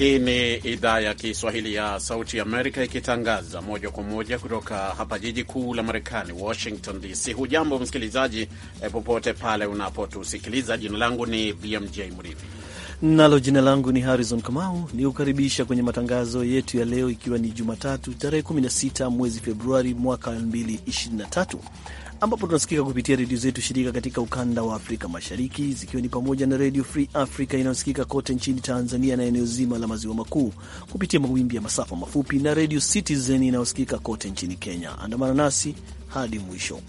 Hii ni idhaa ya Kiswahili ya Sauti Amerika ikitangaza moja kwa moja kutoka hapa jiji kuu la Marekani, Washington DC. Hujambo msikilizaji, e, popote pale unapotusikiliza. Jina langu ni BMJ Mridhi nalo jina langu ni Harrison Kamau, ni kukaribisha kwenye matangazo yetu ya leo, ikiwa ni Jumatatu tarehe 16 mwezi Februari mwaka 2023 ambapo tunasikika kupitia redio zetu shirika katika ukanda wa Afrika Mashariki, zikiwa ni pamoja na Redio Free Africa inayosikika kote nchini Tanzania na eneo zima la maziwa makuu kupitia mawimbi ya masafa mafupi na Redio Citizen inayosikika kote nchini Kenya. Andamana nasi hadi mwisho.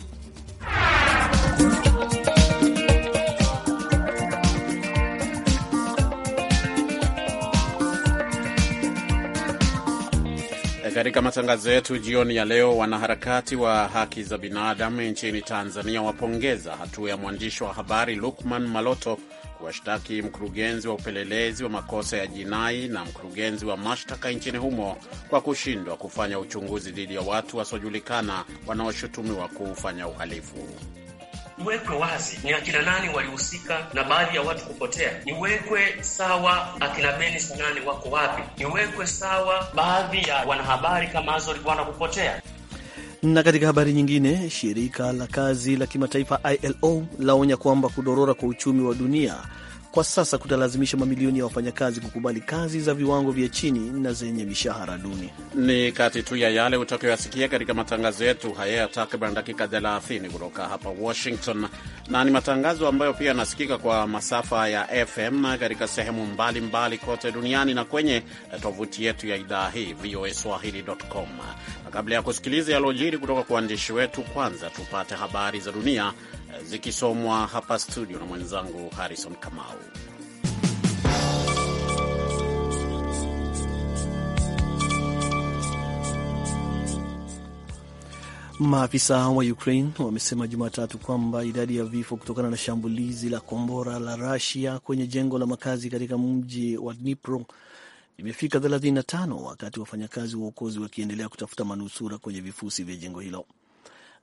Katika matangazo yetu jioni ya leo, wanaharakati wa haki za binadamu nchini Tanzania wapongeza hatua ya mwandishi wa habari Lukman Maloto kuwashtaki mkurugenzi wa upelelezi wa makosa ya jinai na mkurugenzi wa mashtaka nchini humo kwa kushindwa kufanya uchunguzi dhidi ya watu wasiojulikana wanaoshutumiwa kufanya uhalifu iwekwe wazi ni akina nani walihusika na baadhi ya watu kupotea, niwekwe sawa akina Beni Sanani wako wapi, niwekwe sawa baadhi ya wanahabari kama Azori Bwana kupotea. Na katika habari nyingine, shirika la kazi la kimataifa ILO laonya kwamba kudorora kwa uchumi wa dunia kwa sasa kutalazimisha mamilioni ya wafanyakazi kukubali kazi za viwango vya chini na zenye mishahara duni. Ni kati tu ya yale utakayoyasikia katika matangazo yetu haya ya takriban dakika 30 kutoka hapa Washington, na ni matangazo ambayo pia yanasikika kwa masafa ya FM katika sehemu mbalimbali mbali kote duniani na kwenye tovuti yetu ya idhaa hii voaswahili.com. Na kabla ya kusikiliza yalojiri kutoka kwa waandishi wetu, kwanza tupate habari za dunia zikisomwa hapa studio na mwenzangu Harrison Kamau. Maafisa wa Ukraine wamesema Jumatatu kwamba idadi ya vifo kutokana na shambulizi la kombora la Rusia kwenye jengo la makazi katika mji wa Dnipro imefika 35 wakati wafanyakazi wa uokozi wakiendelea kutafuta manusura kwenye vifusi vya jengo hilo.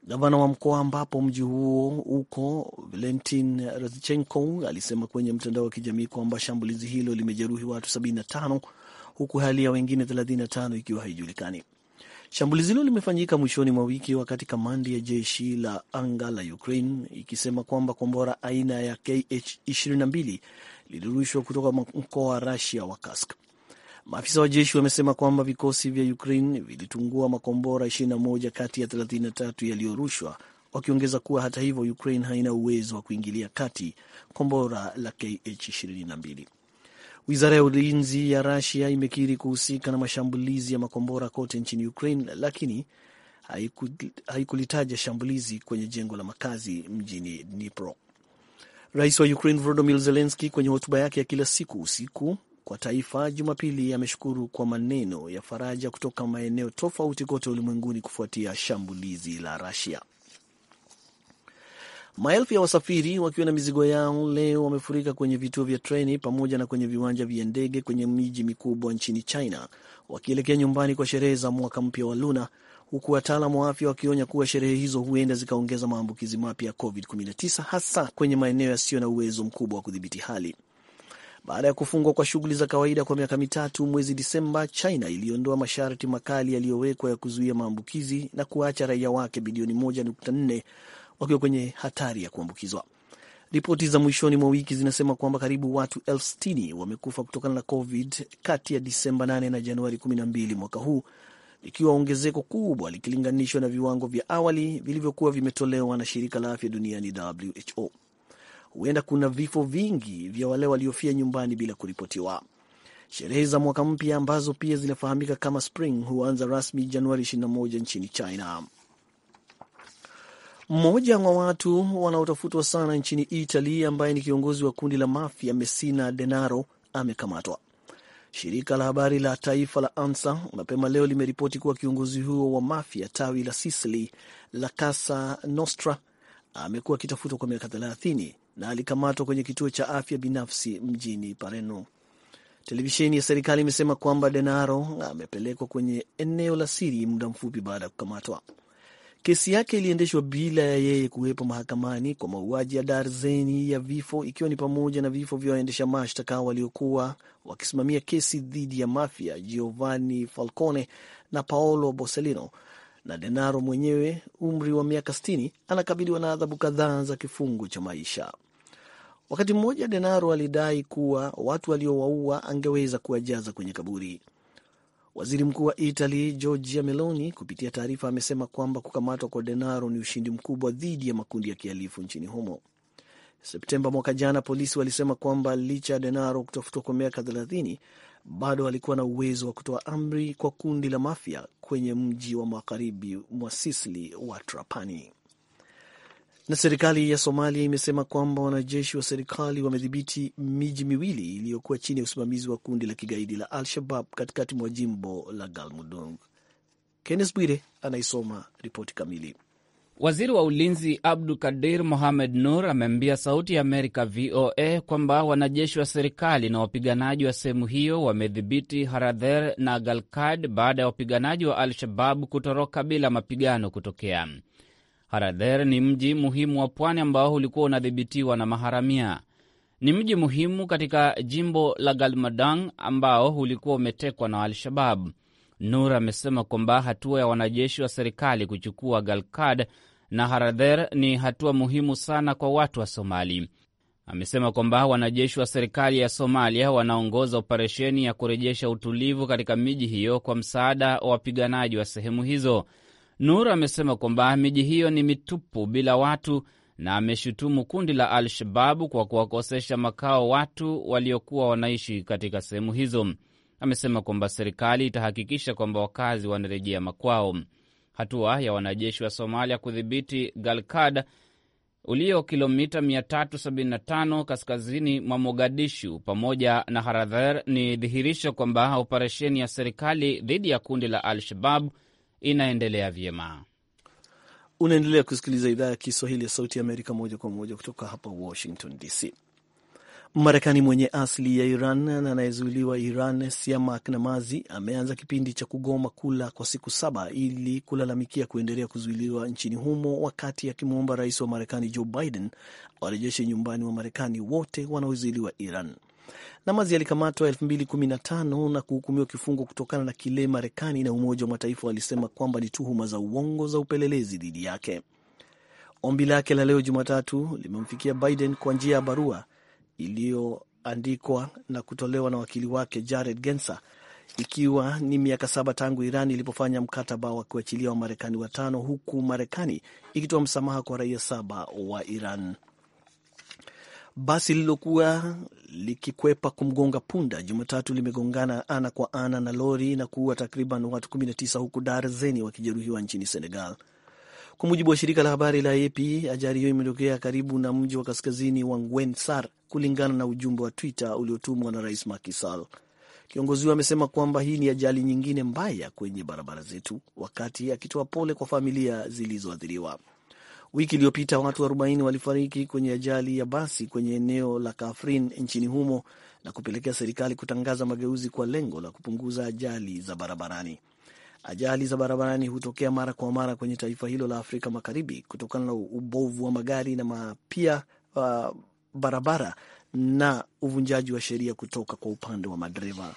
Gavana wa mkoa ambapo mji huo uko, Valentin Razichenko alisema kwenye mtandao wa kijamii kwamba shambulizi hilo limejeruhi watu 75 huku hali ya wengine 35 ikiwa haijulikani. Shambulizi hilo limefanyika mwishoni mwa wiki wakati kamandi ya jeshi la anga la Ukraine ikisema kwamba kombora aina ya KH-22 lilirushwa kutoka mkoa wa Rusia wa Kursk. Maafisa wa jeshi wamesema kwamba vikosi vya Ukraine vilitungua makombora 21 kati ya 33 yaliyorushwa, wakiongeza kuwa hata hivyo, Ukraine haina uwezo wa kuingilia kati kombora la KH-22. Wizara ya ulinzi ya Rusia imekiri kuhusika na mashambulizi ya makombora kote nchini Ukraine, lakini haikulitaja shambulizi kwenye jengo la makazi mjini Dnipro. Rais wa Ukraine Volodymyr Zelensky kwenye hotuba yake ya kila siku usiku kwa taifa Jumapili ameshukuru kwa maneno ya faraja kutoka maeneo tofauti kote ulimwenguni kufuatia shambulizi la rasia Maelfu ya wasafiri wakiwa na mizigo yao leo wamefurika kwenye vituo vya treni pamoja na kwenye viwanja vya ndege kwenye miji mikubwa nchini China wakielekea nyumbani kwa sherehe za mwaka mpya wa Luna, huku wataalam wa afya wakionya kuwa sherehe hizo huenda zikaongeza maambukizi mapya ya COVID-19 hasa kwenye maeneo yasiyo na uwezo mkubwa wa kudhibiti hali. Baada ya kufungwa kwa shughuli za kawaida kwa miaka mitatu mwezi Disemba, China iliondoa masharti makali yaliyowekwa ya kuzuia maambukizi na kuacha raia wake bilioni 1.4 wakiwa kwenye hatari ya kuambukizwa. Ripoti za mwishoni mwa wiki zinasema kwamba karibu watu elfu sitini wamekufa kutokana na COVID kati ya Disemba 8 na Januari 12 mwaka huu, ikiwa ongezeko kubwa likilinganishwa na viwango vya awali vilivyokuwa vimetolewa na shirika la afya duniani WHO huenda kuna vifo vingi vya wale waliofia nyumbani bila kuripotiwa. Sherehe za mwaka mpya ambazo pia zinafahamika kama Spring huanza rasmi Januari 21 nchini China. Mmoja wa watu wanaotafutwa sana nchini Italy ambaye ni kiongozi wa kundi la mafia Messina Denaro amekamatwa. Shirika la habari la taifa la ANSA mapema leo limeripoti kuwa kiongozi huo wa mafia tawi la Sicily la Casa Nostra amekuwa akitafutwa kwa miaka na alikamatwa kwenye kituo cha afya binafsi mjini Palermo. Televisheni ya serikali imesema kwamba Denaro amepelekwa kwenye eneo la siri muda mfupi baada ya kukamatwa. Kesi yake iliendeshwa bila ya yeye kuwepo mahakamani kwa mauaji ya darzeni ya vifo, ikiwa ni pamoja na vifo vya waendesha mashtaka waliokuwa wakisimamia kesi dhidi ya mafia Giovanni Falcone na Paolo Borsellino. Na Denaro mwenyewe, umri wa miaka 60, anakabiliwa na adhabu kadhaa za kifungo cha maisha. Wakati mmoja Denaro alidai kuwa watu aliowaua angeweza kuwajaza kwenye kaburi. Waziri mkuu wa Italy Giorgia Meloni kupitia taarifa amesema kwamba kukamatwa kwa Denaro ni ushindi mkubwa dhidi ya makundi ya kihalifu nchini humo. Septemba mwaka jana, polisi walisema kwamba licha ya Denaro kutafutwa kwa miaka 30 bado alikuwa na uwezo wa kutoa amri kwa kundi la mafia kwenye mji wa magharibi mwa Sisili wa Trapani. Na serikali ya Somalia imesema kwamba wanajeshi wa serikali wamedhibiti miji miwili iliyokuwa chini ya usimamizi wa kundi la kigaidi la Al-Shabab katikati mwa jimbo la Galmudug. Kennes Bwire anaisoma ripoti kamili. Waziri wa ulinzi Abdu Kadir Mohamed Nur ameambia Sauti ya Amerika VOA kwamba wanajeshi wa serikali na wapiganaji wa sehemu hiyo wamedhibiti Haradher na Galkad baada ya wapiganaji wa al shabab kutoroka bila mapigano kutokea. Haradher ni mji muhimu wa pwani ambao ulikuwa unadhibitiwa na maharamia. Ni mji muhimu katika jimbo la Galmadang ambao ulikuwa umetekwa na Al-Shabab. Nur amesema kwamba hatua ya wanajeshi wa serikali kuchukua Galkad na Haradher ni hatua muhimu sana kwa watu wa Somali. Amesema kwamba wanajeshi wa serikali ya Somalia wanaongoza operesheni ya kurejesha utulivu katika miji hiyo kwa msaada wa wapiganaji wa sehemu hizo. Nur amesema kwamba miji hiyo ni mitupu bila watu na ameshutumu kundi la Al-Shababu kwa kuwakosesha makao watu waliokuwa wanaishi katika sehemu hizo. Amesema kwamba serikali itahakikisha kwamba wakazi wanarejea makwao. Hatua ya wanajeshi wa Somalia kudhibiti Galkad ulio kilomita 375 kaskazini mwa Mogadishu pamoja na Haradher ni dhihirisho kwamba operesheni ya serikali dhidi ya kundi la al shababu inaendelea vyema. Unaendelea kusikiliza idhaa ya Kiswahili ya Sauti ya Amerika moja kwa moja kutoka hapa Washington DC. Marekani mwenye asili ya Iran na anayezuiliwa Iran, Siamak Namazi ameanza kipindi cha kugoma kula kwa siku saba ili kulalamikia kuendelea kuzuiliwa nchini humo, wakati akimwomba rais wa Marekani Joe Biden warejeshe nyumbani wa Marekani wote wanaozuiliwa Iran. Namazi alikamatwa 2015 na kuhukumiwa kifungo kutokana na kile Marekani na Umoja wa Mataifa walisema kwamba ni tuhuma za uongo za upelelezi dhidi yake. Ombi lake la leo Jumatatu limemfikia Biden kwa njia ya barua iliyoandikwa na kutolewa na wakili wake Jared Gensa, ikiwa ni miaka saba tangu Iran ilipofanya mkataba wa kuachilia Wamarekani watano huku Marekani ikitoa msamaha kwa raia saba wa Iran. Basi lililokuwa likikwepa kumgonga punda Jumatatu limegongana ana kwa ana na lori na kuua takriban watu 19 huku darzeni wakijeruhiwa nchini Senegal. Kwa mujibu wa shirika la habari la AP, ajali hiyo imetokea karibu na mji wa kaskazini wa Ngwen Sar, kulingana na ujumbe wa Twitter uliotumwa na Rais Macky Sall. Kiongozi huyo amesema kwamba hii ni ajali nyingine mbaya kwenye barabara zetu, wakati akitoa pole kwa familia zilizoathiriwa. Wiki iliyopita watu 40 walifariki kwenye ajali ya basi kwenye eneo la Kafrin nchini humo na kupelekea serikali kutangaza mageuzi kwa lengo la kupunguza ajali za barabarani. Ajali za barabarani hutokea mara kwa mara kwenye taifa hilo la Afrika Magharibi kutokana na ubovu wa magari na mapia uh, barabara na uvunjaji wa sheria kutoka kwa upande wa madereva.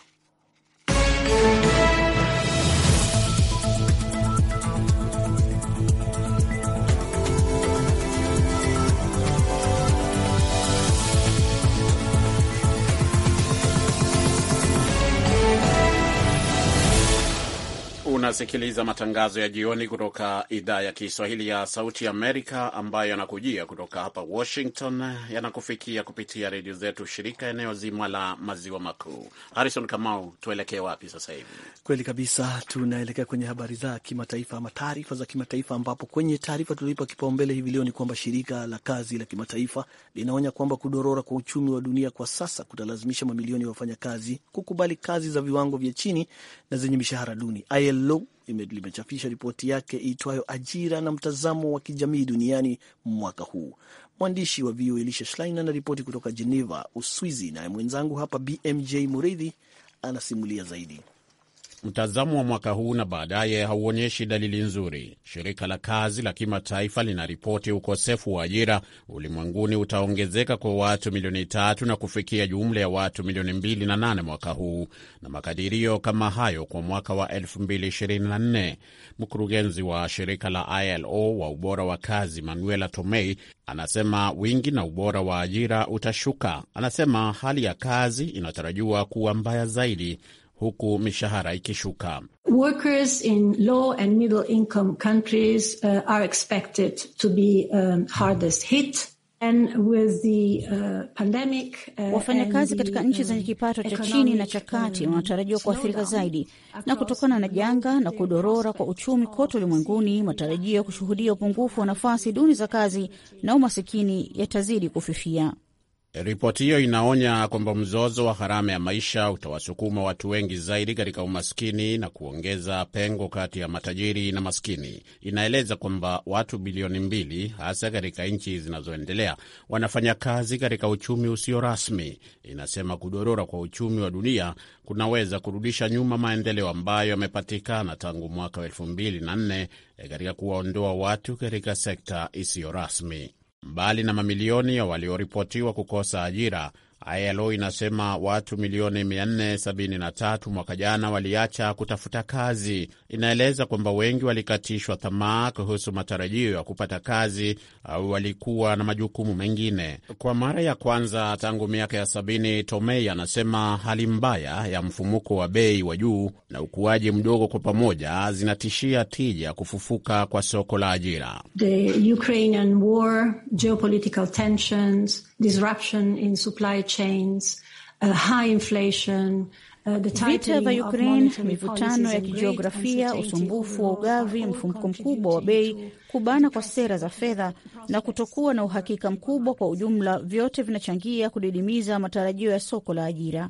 Unasikiliza matangazo ya jioni kutoka idhaa ya Kiswahili ya Sauti Amerika ambayo yanakujia kutoka hapa Washington, yanakufikia kupitia redio zetu shirika eneo zima la maziwa makuu. Harrison Kamau, tuelekee wapi sasa hivi? Kweli kabisa, tunaelekea kwenye habari za kimataifa ama taarifa za kimataifa, ambapo kwenye taarifa tulioipa kipaumbele hivi leo ni kwamba shirika la kazi la kimataifa linaonya kwamba kudorora kwa uchumi wa dunia kwa sasa kutalazimisha mamilioni ya wafanyakazi kukubali kazi za viwango vya chini na zenye mishahara duni IL hilo limechapisha ripoti yake iitwayo Ajira na Mtazamo wa Kijamii Duniani mwaka huu. Mwandishi wa VOA Elisha Schlein anaripoti kutoka Geneva, Uswizi, naye mwenzangu hapa BMJ Muridhi anasimulia zaidi. Mtazamo wa mwaka huu na baadaye hauonyeshi dalili nzuri. Shirika la kazi la kimataifa linaripoti ukosefu wa ajira ulimwenguni utaongezeka kwa watu milioni tatu na kufikia jumla ya watu milioni mbili na nane mwaka huu na makadirio kama hayo kwa mwaka wa 2024. Mkurugenzi wa shirika la ILO wa ubora wa kazi Manuela Tomei anasema wingi na ubora wa ajira utashuka. Anasema hali ya kazi inatarajiwa kuwa mbaya zaidi huku mishahara ikishuka. Workers in low and middle income countries uh, are expected to be um, hardest hit. And with the, uh, pandemic, uh, wafanyakazi katika nchi zenye um, kipato cha chini na cha kati um, wanatarajiwa kuathirika zaidi, na kutokana na janga na kudorora kwa uchumi kote ulimwenguni, matarajio ya kushuhudia upungufu wa nafasi duni za kazi na umasikini yatazidi kufifia. Ripoti hiyo inaonya kwamba mzozo wa gharama ya maisha utawasukuma watu wengi zaidi katika umaskini na kuongeza pengo kati ya matajiri na maskini. Inaeleza kwamba watu bilioni mbili, hasa katika nchi zinazoendelea, wanafanya kazi katika uchumi usio rasmi. Inasema kudorora kwa uchumi wa dunia kunaweza kurudisha nyuma maendeleo ambayo yamepatikana tangu mwaka wa elfu mbili na nne katika kuwaondoa watu katika sekta isiyo rasmi. Mbali na mamilioni ya walioripotiwa kukosa ajira, ILO inasema watu milioni 473 mwaka jana waliacha kutafuta kazi. Inaeleza kwamba wengi walikatishwa tamaa kuhusu matarajio ya kupata kazi au walikuwa na majukumu mengine. Kwa mara ya kwanza tangu miaka ya sabini, Tomei anasema hali mbaya ya mfumuko wa bei wa juu na ukuaji mdogo kwa pamoja zinatishia tija kufufuka kwa soko la ajira. The Ukrainian war, geopolitical tensions disruption in supply chains, uh, high inflation, uh, Vita vya Ukraine, mivutano ya kijiografia, usumbufu wa ugavi, mfumuko mkubwa wa bei, kubana kwa sera za fedha na kutokuwa na uhakika mkubwa kwa ujumla, vyote vinachangia kudidimiza matarajio ya soko la ajira.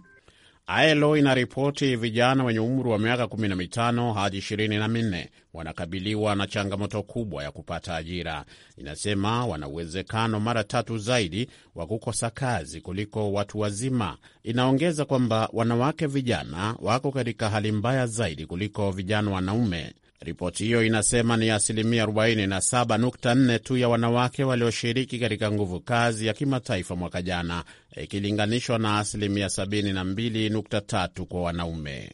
ILO inaripoti vijana wenye umri wa miaka 15 hadi 24 wanakabiliwa na changamoto kubwa ya kupata ajira. Inasema wana uwezekano mara tatu zaidi wa kukosa kazi kuliko watu wazima. Inaongeza kwamba wanawake vijana wako katika hali mbaya zaidi kuliko vijana wanaume. Ripoti hiyo inasema ni asilimia 47.4 tu ya wanawake walioshiriki katika nguvu kazi ya kimataifa mwaka jana ikilinganishwa na asilimia 72.3 kwa wanaume.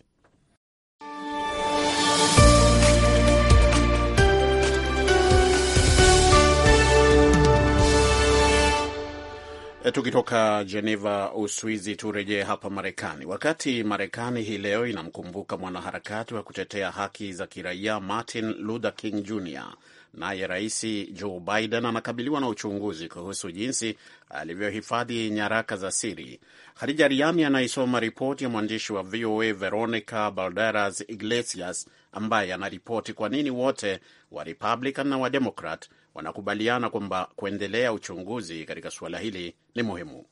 Eh, tukitoka Geneva, Uswizi, turejee hapa Marekani. Wakati Marekani hii leo inamkumbuka mwanaharakati wa kutetea haki za kiraia Martin Luther King Jr, naye Rais Joe Biden anakabiliwa na uchunguzi kuhusu jinsi alivyohifadhi nyaraka za siri. Hadija Riami anaisoma ripoti ya mwandishi wa VOA Veronica Balderas Iglesias ambaye anaripoti kwa nini wote wa Republican na Wademokrat wanakubaliana kwamba kuendelea uchunguzi katika suala hili ni muhimu.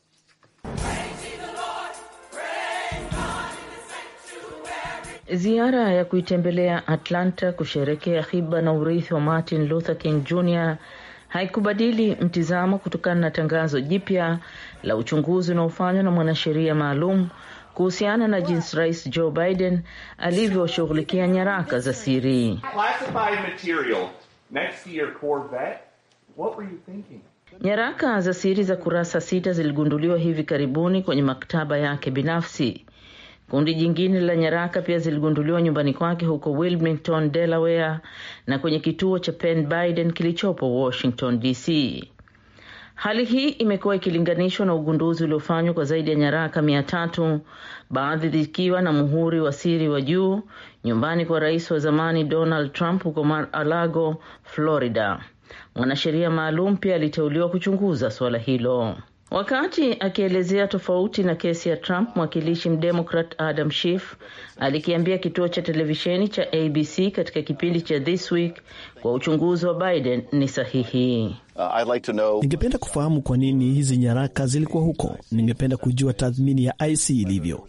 Ziara ya kuitembelea Atlanta kusherekea hiba na urithi wa Martin Luther King Jr haikubadili mtizamo kutokana na tangazo jipya la uchunguzi unaofanywa na mwanasheria maalum kuhusiana na jinsi Rais Joe Biden alivyoshughulikia nyaraka za siri. Next your Corvette, what were you thinking? Nyaraka za siri za kurasa sita ziligunduliwa hivi karibuni kwenye maktaba yake binafsi. Kundi jingine la nyaraka pia ziligunduliwa nyumbani kwake huko Wilmington, Delaware na kwenye kituo cha Penn Biden kilichopo Washington DC. Hali hii imekuwa ikilinganishwa na ugunduzi uliofanywa kwa zaidi ya nyaraka mia tatu, baadhi zikiwa na muhuri wa siri wa juu nyumbani kwa rais wa zamani Donald Trump huko Mar-a-Lago, Florida. Mwanasheria maalum pia aliteuliwa kuchunguza suala hilo. Wakati akielezea tofauti na kesi ya Trump, mwakilishi mdemokrat Adam Schiff alikiambia kituo cha televisheni cha ABC katika kipindi cha This Week kwa uchunguzi wa Biden ni sahihi. Uh, like know... ningependa kufahamu kwa nini hizi nyaraka zilikuwa huko. Ningependa kujua tathmini ya IC ilivyo,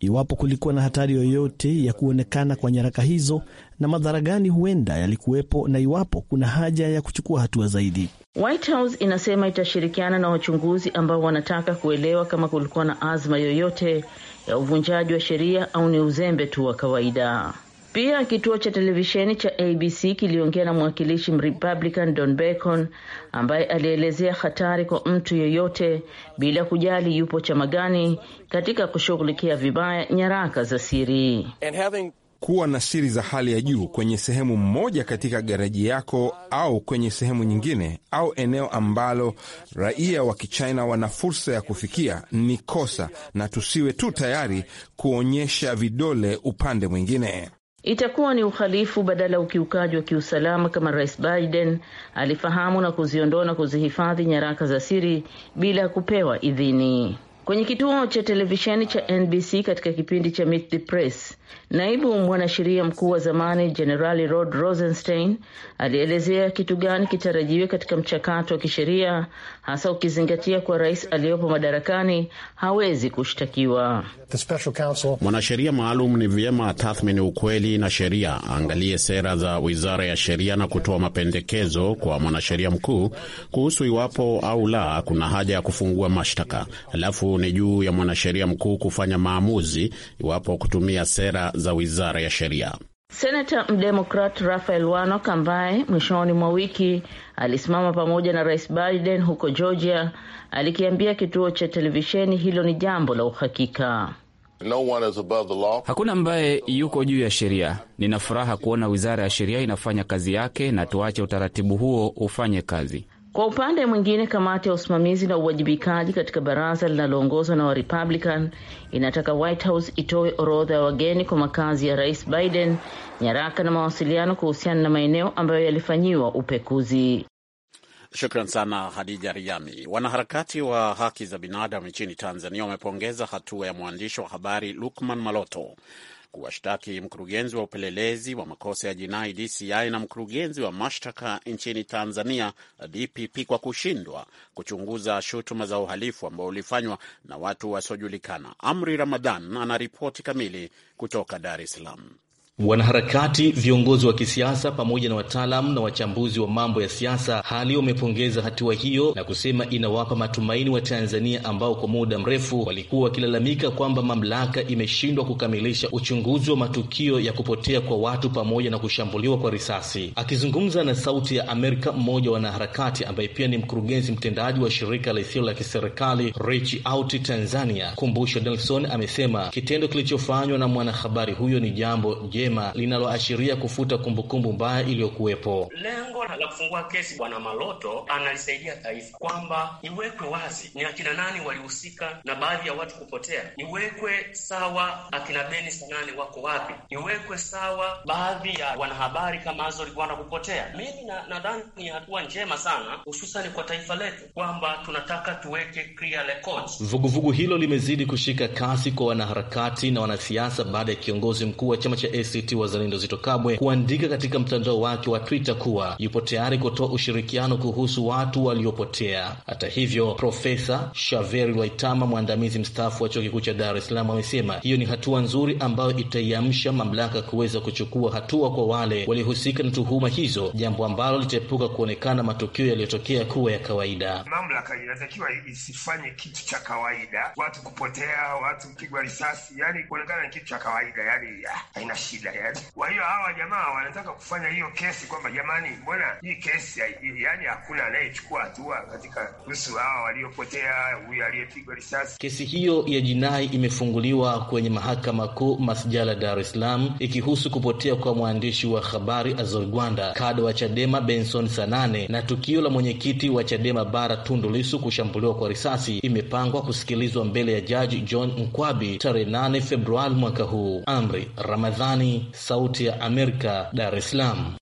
iwapo kulikuwa na hatari yoyote ya kuonekana kwa nyaraka hizo na madhara gani huenda yalikuwepo, na iwapo kuna haja ya kuchukua hatua zaidi. White House inasema itashirikiana na wachunguzi ambao wanataka kuelewa kama kulikuwa na azma yoyote ya uvunjaji wa sheria au ni uzembe tu wa kawaida. Pia kituo cha televisheni cha ABC kiliongea na mwakilishi Republican Don Bacon ambaye alielezea hatari kwa mtu yeyote bila kujali yupo chama gani katika kushughulikia vibaya nyaraka za siri. And having kuwa na siri za hali ya juu kwenye sehemu moja katika garaji yako au kwenye sehemu nyingine au eneo ambalo raia wa Kichina wana fursa ya kufikia ni kosa, na tusiwe tu tayari kuonyesha vidole upande mwingine. Itakuwa ni uhalifu badala ya ukiukaji wa kiusalama, kama Rais Biden alifahamu na kuziondoa na kuzihifadhi nyaraka za siri bila ya kupewa idhini kwenye kituo cha televisheni cha NBC katika kipindi cha Meet the Press. Naibu mwanasheria mkuu wa zamani Jenerali Rod Rosenstein alielezea kitu gani kitarajiwe katika mchakato wa kisheria hasa ukizingatia kuwa rais aliyopo madarakani hawezi kushtakiwa. Mwanasheria maalum ni vyema atathmini ukweli na sheria, aangalie sera za wizara ya sheria na kutoa mapendekezo kwa mwanasheria mkuu kuhusu iwapo au la kuna haja ya kufungua mashtaka. Alafu ni juu ya mwanasheria mkuu kufanya maamuzi iwapo kutumia sera za wizara ya sheria. Senata mdemokrat Rafael Warnock ambaye mwishoni mwa wiki alisimama pamoja na Rais Biden huko Georgia alikiambia kituo cha televisheni hilo ni jambo la uhakika. No one is above the law. Hakuna ambaye yuko juu ya sheria. Nina furaha kuona wizara ya sheria inafanya kazi yake na tuache utaratibu huo ufanye kazi. Kwa upande mwingine, kamati ya usimamizi na uwajibikaji katika baraza linaloongozwa na Warepublican inataka White House itoe orodha ya wageni kwa makazi ya Rais Biden, nyaraka na mawasiliano kuhusiana na maeneo ambayo yalifanyiwa upekuzi. Shukran sana Hadija Riami. Wanaharakati wa haki za binadamu nchini Tanzania wamepongeza hatua ya mwandishi wa habari Lukman Maloto kuwashtaki mkurugenzi wa upelelezi wa makosa ya jinai DCI na mkurugenzi wa mashtaka nchini Tanzania DPP kwa kushindwa kuchunguza shutuma za uhalifu ambao ulifanywa na watu wasiojulikana. Amri Ramadhan anaripoti kamili kutoka Dar es Salaam. Wanaharakati, viongozi wa kisiasa pamoja na wataalamu na wachambuzi wa mambo ya siasa hali wamepongeza hatua hiyo na kusema inawapa matumaini wa Tanzania ambao kwa muda mrefu walikuwa wakilalamika kwamba mamlaka imeshindwa kukamilisha uchunguzi wa matukio ya kupotea kwa watu pamoja na kushambuliwa kwa risasi. Akizungumza na Sauti ya Amerika, mmoja wa wanaharakati ambaye pia ni mkurugenzi mtendaji wa shirika la isio la kiserikali Reach Out Tanzania, Kumbusho Nelson, amesema kitendo kilichofanywa na mwanahabari huyo ni jambo jema amesema linaloashiria kufuta kumbukumbu mbaya iliyokuwepo. Lengo la kufungua kesi bwana Maloto analisaidia taifa kwamba iwekwe wazi ni akina nani walihusika na baadhi ya watu kupotea, iwekwe sawa akina Beni Sanane wako wapi, iwekwe sawa baadhi ya wanahabari kama Azori Gwanda kupotea. Mimi nadhani na ni hatua njema sana, hususan kwa taifa letu kwamba tunataka tuweke clear records. Vuguvugu hilo limezidi kushika kasi kwa wanaharakati na wanasiasa baada ya kiongozi mkuu wa chama cha AC ACT Wazalendo Zito Kabwe kuandika katika mtandao wake wa Twitter kuwa yupo tayari kutoa ushirikiano kuhusu watu waliopotea. Hata hivyo, Profesa Shaveri waitama mwandamizi mstaafu wa chuo kikuu cha Dar es Salaam, amesema hiyo ni hatua nzuri ambayo itaiamsha mamlaka kuweza kuchukua hatua kwa wale waliohusika na tuhuma hizo, jambo ambalo litaepuka kuonekana matukio yaliyotokea kuwa ya kawaida. Mamlaka inatakiwa isifanye kitu cha kawaida, watu kupotea, watu kupigwa risasi, yani kuonekana ni kitu cha kawaida, yani ah, haina shida shida yani. Kwa hiyo hawa jamaa wanataka kufanya hiyo kesi kwamba jamani, mbona hii kesi yani hakuna anayechukua hatua katika kuhusu hawa waliopotea, huyu aliyepigwa risasi. Kesi hiyo ya jinai imefunguliwa kwenye mahakama kuu masjala Dar es Salaam ikihusu kupotea kwa mwandishi wa habari Azor Gwanda, kada wa Chadema Benson Sanane na tukio la mwenyekiti wa Chadema Bara Tundu kushambuliwa kwa risasi imepangwa kusikilizwa mbele ya Jaji John Mkwabi tarehe 8 Februari mwaka huu. Amri Ramadhani Sauti ya Amerika, Dar es Salaam.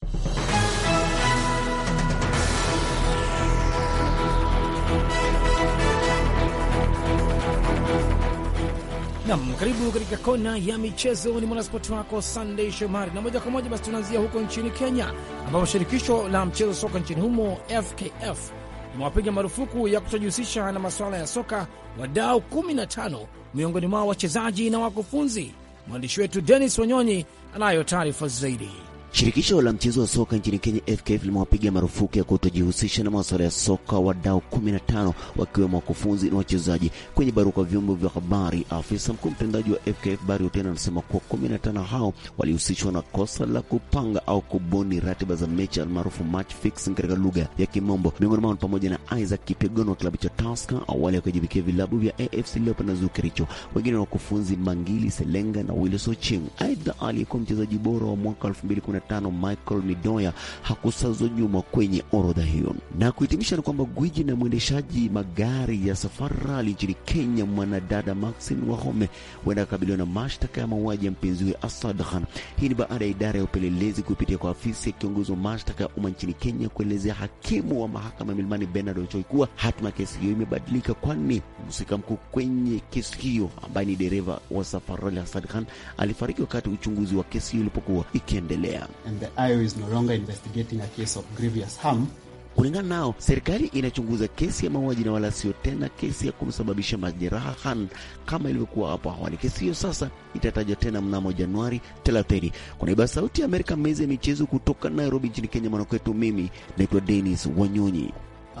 Nam, karibu katika kona ya michezo. Ni mwanaspoti wako sandey Shomari, na moja kwa moja basi tunaanzia huko nchini Kenya, ambapo shirikisho la mchezo soka nchini humo FKF limewapiga marufuku ya kutojihusisha na masuala ya soka wadau 15 miongoni mwao wachezaji na wakufunzi Mwandishi wetu Denis Wanyonyi anayo taarifa zaidi. Shirikisho la mchezo wa soka nchini Kenya FKF limewapiga marufuku ya kutojihusisha na masuala ya soka wadau 15 wakiwemo wakufunzi na wachezaji. Kwenye barua kwa vyombo vya habari, afisa mkuu mtendaji wa FKF Bari Otieno anasema kuwa 15 hao walihusishwa na kosa la kupanga au kubuni ratiba za mechi almaarufu match fixing katika lugha ya Kimombo. Miongoni mwao pamoja na Isaac Kipyegon wa klabu cha Tusker, awali wakijibikia vilabu vya AFC Leopards na Zukericho, Wengine wakufunzi Mangili Selenga na Willis Ocheng. Aidha, aliyekuwa mchezaji bora wa mwaka 2010 15 Michael Midoya hakusazwa nyuma kwenye orodha hiyo. Na kuhitimisha ni kwamba gwiji na mwendeshaji magari ya Safari Rally nchini Kenya, mwanadada Maxim Wahome huenda akabiliwa na mashtaka ya mauaji ya mpenzi huyo Asad Khan. Hii ni baada ya idara ya upelelezi kupitia kwa afisi ya kiongozi wa mashtaka ya umma nchini Kenya kuelezea hakimu wa mahakama ya Milimani Bernard Ochoi kuwa hatima kesi hiyo imebadilika, kwani mhusika mkuu kwenye kesi hiyo ambaye ni dereva wa Safari Rally Asad Khan alifariki wakati uchunguzi wa kesi hiyo ilipokuwa ikiendelea and the IO is no longer investigating a case of grievous harm. Kulingana nao, serikali inachunguza kesi ya mauaji na wala sio tena kesi ya kumsababisha majeraha Han kama ilivyokuwa hapo awali. Kesi hiyo sasa itatajwa tena mnamo Januari 30. Kwa niaba ya Sauti ya Amerika, mezi ya michezo kutoka Nairobi nchini Kenya, mwanakwetu, mimi naitwa denis Wanyonyi.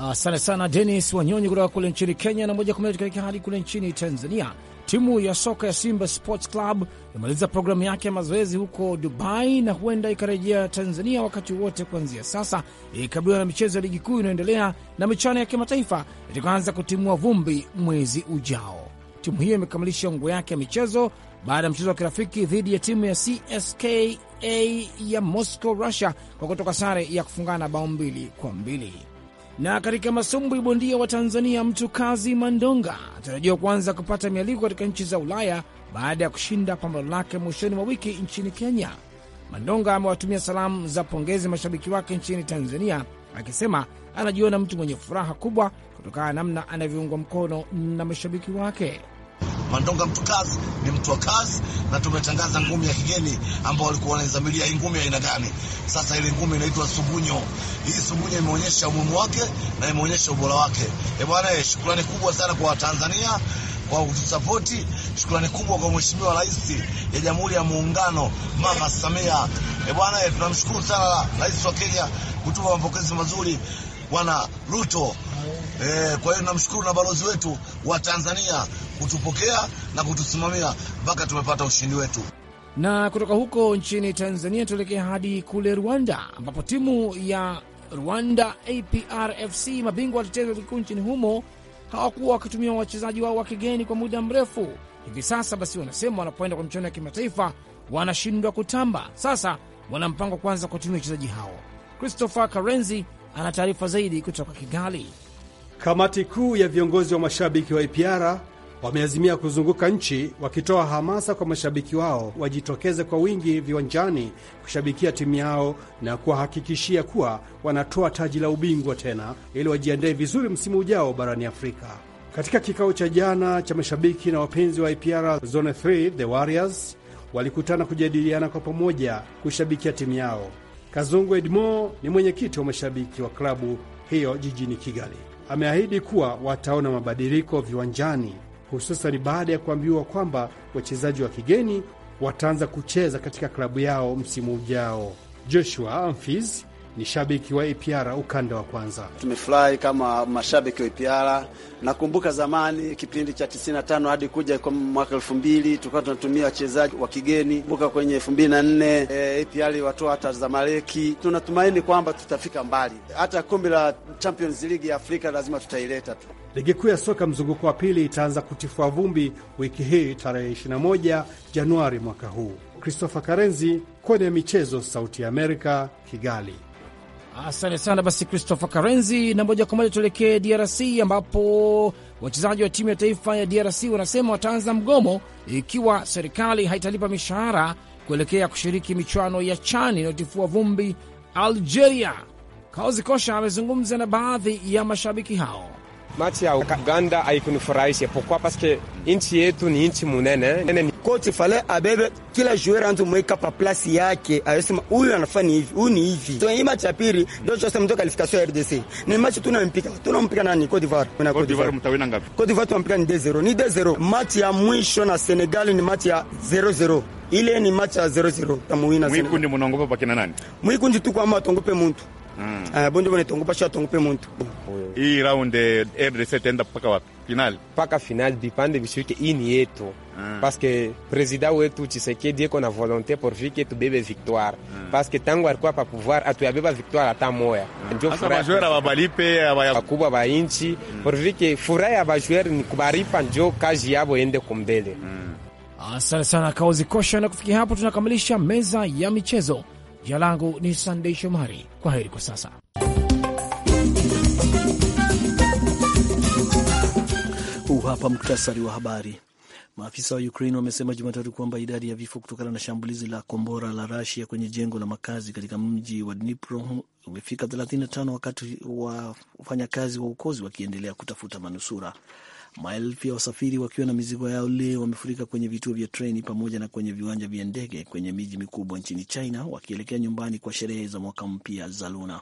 Asante uh, sana Denis Wanyonyi kutoka kule nchini Kenya. Na moja kwa moja tukaelekea hadi kule nchini Tanzania, timu ya soka ya Simba Sports Club imemaliza programu yake ya mazoezi huko Dubai na huenda ikarejea Tanzania wakati wote kuanzia sasa, ikikabiliwa na michezo ya ligi kuu inayoendelea na michuano ya kimataifa itakaanza kutimua vumbi mwezi ujao. Timu hiyo imekamilisha nguo yake ya michezo baada ya mchezo wa kirafiki dhidi ya timu ya CSKA ya Moscow, Russia, kwa kutoka sare ya kufungana bao mbili kwa mbili. Na katika masumbwi, bondia wa Tanzania mtu kazi Mandonga anatarajiwa kuanza kupata mialiko katika nchi za Ulaya baada ya kushinda pambano lake mwishoni mwa wiki nchini Kenya. Mandonga amewatumia salamu za pongezi mashabiki wake nchini Tanzania, akisema anajiona mtu mwenye furaha kubwa kutokana na namna anavyoungwa mkono na mashabiki wake. Mandonga mtu kazi ni mtu wa kazi, na tumetangaza ngumi ya kigeni ambao walikuwa wanaizamilia hii ngumi aina gani. Sasa ile ngumi inaitwa Subunyo. Hii Subunyo imeonyesha umuhimu wake na imeonyesha ubora wake. E eh bwana, shukrani kubwa sana kwa Watanzania kwa kutusapoti. Shukrani kubwa kwa Mheshimiwa Rais ya Jamhuri ya Muungano Mama Samia. E eh bwana, tunamshukuru sana Rais wa Kenya kutupa mapokezi mazuri Bwana Ruto. Eh, kwa hiyo namshukuru na balozi wetu wa Tanzania kutupokea na kutusimamia mpaka tumepata ushindi wetu. Na kutoka huko nchini Tanzania tuelekee hadi kule Rwanda, ambapo timu ya Rwanda APRFC mabingwa watetezi wa kikuu nchini humo hawakuwa wakitumia wachezaji wao wa kigeni kwa muda mrefu. Hivi sasa basi, wanasema wanapoenda kwa michuano ya kimataifa wanashindwa kutamba. Sasa wana mpango kwanza kuwatumia wachezaji hao. Christopher Karenzi ana taarifa zaidi kutoka Kigali. Kamati kuu ya viongozi wa mashabiki wa APR wameazimia kuzunguka nchi wakitoa hamasa kwa mashabiki wao wajitokeze kwa wingi viwanjani kushabikia timu yao na kuwahakikishia kuwa wanatoa taji la ubingwa tena ili wajiandae vizuri msimu ujao barani Afrika. Katika kikao cha jana cha mashabiki na wapenzi wa IPR Zone 3 The Warriors walikutana kujadiliana kwa pamoja kushabikia timu yao. Kazungu Edmo ni mwenyekiti wa mashabiki wa klabu hiyo jijini Kigali. Ameahidi kuwa wataona mabadiliko viwanjani hususan baada ya kuambiwa kwamba wachezaji wa kigeni wataanza kucheza katika klabu yao msimu ujao. Joshua amfis ni shabiki wa APR ukanda wa kwanza. Tumefurahi kama mashabiki wa APR. Nakumbuka zamani kipindi cha 95 hadi kuja kwa mwaka 2000 tulikuwa tunatumia wachezaji wa kigeni. Kumbuka kwenye 2004 e, APR watoa hata Zamaleki. Tunatumaini kwamba tutafika mbali, hata kombe la Champions League ya Afrika lazima tutaileta tu. Ligi kuu ya soka mzunguko wa pili itaanza kutifua vumbi wiki hii tarehe 21 Januari mwaka huu. Christopher Karenzi, Kodi ya Michezo, Sauti ya Amerika, Kigali. Asante sana basi Christopher Karenzi, na moja kwa moja tuelekee DRC ambapo wachezaji wa timu ya taifa ya DRC wanasema wataanza mgomo ikiwa serikali haitalipa mishahara kuelekea kushiriki michuano ya chani inayotifua vumbi Algeria. Kaozi Kosha amezungumza na baadhi ya mashabiki hao. Machi ya Uganda haikunifurahisha pokwa paske nchi yetu ni nchi munene nene. Kochi fale abebe kila joueur antu mweka pa place yake, ayosema huyu anafanya hivi, huyu ni hivi. So hii machi ya pili ndio sasa mtoka qualification ya RDC ni machi tunampika, tunampika nani? Cote d'Ivoire Kuna Cote d'Ivoire mtawina ngapi? Cote d'Ivoire tunampika ni 2-0, ni 2-0. Machi ya mwisho na Senegal ni machi ya 0-0 ile ni macha 00 tamuina sana. tamuwina. Mwikundi munaongopa pakina nani? Mwikundi tu kwamba atongope muntu Mm. Bundi bonaitongopa sha tongope muntu hii round RDC itaenda mpaka wapi? Final mpaka final, bipande bishike. Hii ni yetu mm. Paske presida wetu Chisekedi eko na volonte porfike tubebe victoire mm. Paske tangu alikuwa pa pouvoir atuyabeba victoire hata moya mm. bakubwa ba inchi mm. porfike. Furaha ya bajwere ni kubaripa, njo kazi yabo ende kumbele mm. Asante sana Kaozi Kosha, na kufikia hapo tunakamilisha meza ya michezo. Jina langu ni Sandei Shomari. Kwa heri kwa sasa. Huu hapa muktasari wa habari. Maafisa wa Ukraine wamesema Jumatatu kwamba idadi ya vifo kutokana na shambulizi la kombora la Rasia kwenye jengo la makazi katika mji wa Dnipro umefika 35 wakati wafanyakazi wa ukozi wakiendelea kutafuta manusura. Maelfu ya wasafiri wakiwa na mizigo yao leo wamefurika kwenye vituo vya treni pamoja na kwenye viwanja vya ndege kwenye miji mikubwa nchini China wakielekea nyumbani kwa sherehe za mwaka mpya za Luna.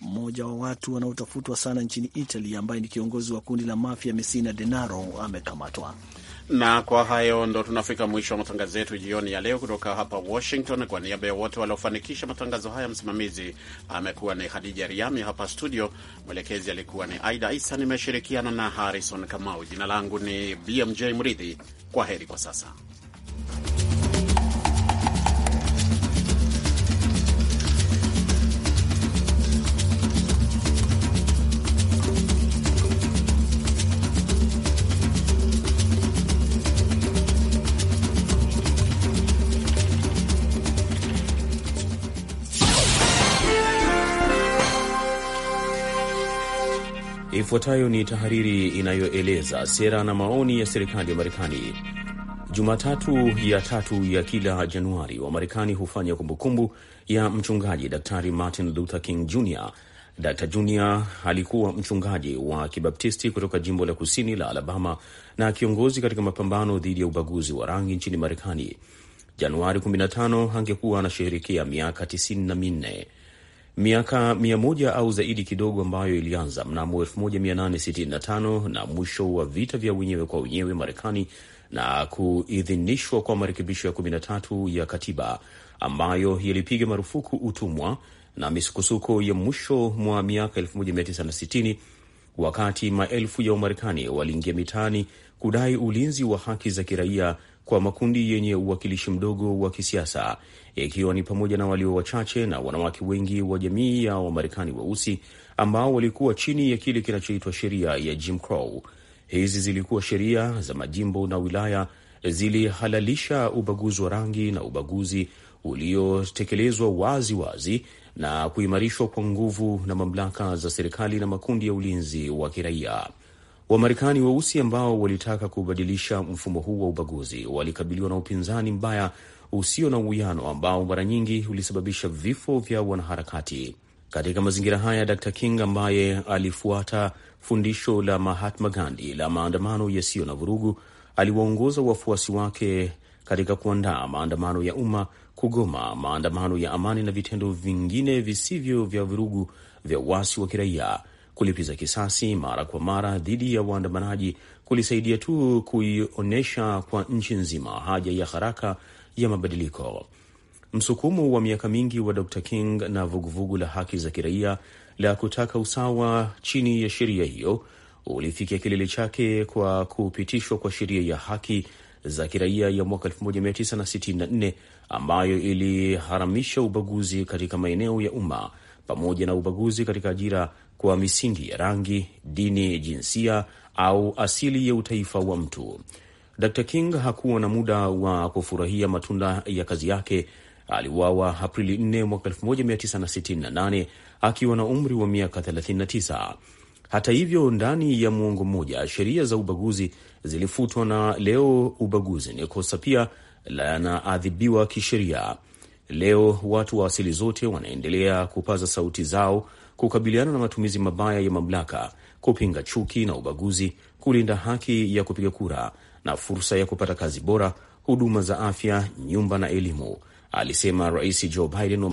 Mmoja wa watu wanaotafutwa sana nchini italy ambaye ni kiongozi wa kundi la mafia Messina Denaro amekamatwa. Na kwa hayo ndo tunafika mwisho wa matangazo yetu jioni ya leo kutoka hapa Washington. Kwa niaba ya wote waliofanikisha matangazo haya, msimamizi amekuwa ni hadija Riami, hapa studio mwelekezi alikuwa ni Aida Isa, nimeshirikiana na Harrison Kamau. Jina langu ni BMJ Mridhi. Kwa heri kwa sasa. Ifuatayo ni tahariri inayoeleza sera na maoni ya serikali ya Marekani. Jumatatu ya tatu ya kila Januari, Wamarekani hufanya kumbukumbu ya mchungaji Daktari Martin Luther King Jr. Dr. Jr. alikuwa mchungaji wa Kibaptisti kutoka jimbo la kusini la Alabama na kiongozi katika mapambano dhidi ya ubaguzi wa rangi nchini Marekani. Januari 15 angekuwa anasheherekea miaka 94 miaka mia moja au zaidi kidogo, ambayo ilianza mnamo 1865 na mwisho wa vita vya wenyewe kwa wenyewe Marekani na kuidhinishwa kwa marekebisho ya 13 ya katiba ambayo yalipiga marufuku utumwa na misukosuko ya mwisho mwa miaka 1960 wakati maelfu ya Wamarekani waliingia mitaani kudai ulinzi wa haki za kiraia kwa makundi yenye uwakilishi mdogo wa kisiasa ikiwa ni pamoja na walio wachache na wanawake wengi wa jamii ya Wamarekani weusi wa ambao walikuwa chini ya kile kinachoitwa sheria ya Jim Crow. Hizi zilikuwa sheria za majimbo na wilaya, zilihalalisha ubaguzi wa rangi na ubaguzi uliotekelezwa wazi wazi na kuimarishwa kwa nguvu na mamlaka za serikali na makundi ya ulinzi wa kiraia. Wamarekani weusi ambao walitaka kubadilisha mfumo huu wa ubaguzi walikabiliwa na upinzani mbaya usio na uwiano ambao mara nyingi ulisababisha vifo vya wanaharakati. Katika mazingira haya, Dr King ambaye alifuata fundisho la Mahatma Gandhi la maandamano yasiyo na vurugu, aliwaongoza wafuasi wake katika kuandaa maandamano ya umma, kugoma, maandamano ya amani na vitendo vingine visivyo vya vurugu vya uasi wa kiraia. Kulipiza kisasi mara kwa mara dhidi ya waandamanaji kulisaidia tu kuionyesha kwa nchi nzima haja ya haraka ya mabadiliko. Msukumo wa miaka mingi wa Dr King na vuguvugu la haki za kiraia la kutaka usawa chini ya sheria hiyo ulifikia kilele chake kwa kupitishwa kwa sheria ya haki za kiraia ya mwaka 1964 ambayo iliharamisha ubaguzi katika maeneo ya umma pamoja na ubaguzi katika ajira kwa misingi ya rangi, dini, jinsia au asili ya utaifa wa mtu. Dr King hakuwa na muda wa kufurahia matunda ya kazi yake. Aliuawa Aprili 4 mwaka 1968 akiwa na umri wa miaka 39. Hata hivyo, ndani ya muongo mmoja sheria za ubaguzi zilifutwa na leo ubaguzi ni kosa pia lanaadhibiwa kisheria. Leo watu wa asili zote wanaendelea kupaza sauti zao kukabiliana na matumizi mabaya ya mamlaka, kupinga chuki na ubaguzi, kulinda haki ya kupiga kura na fursa ya kupata kazi bora, huduma za afya, nyumba na elimu, alisema Rais Joe Biden.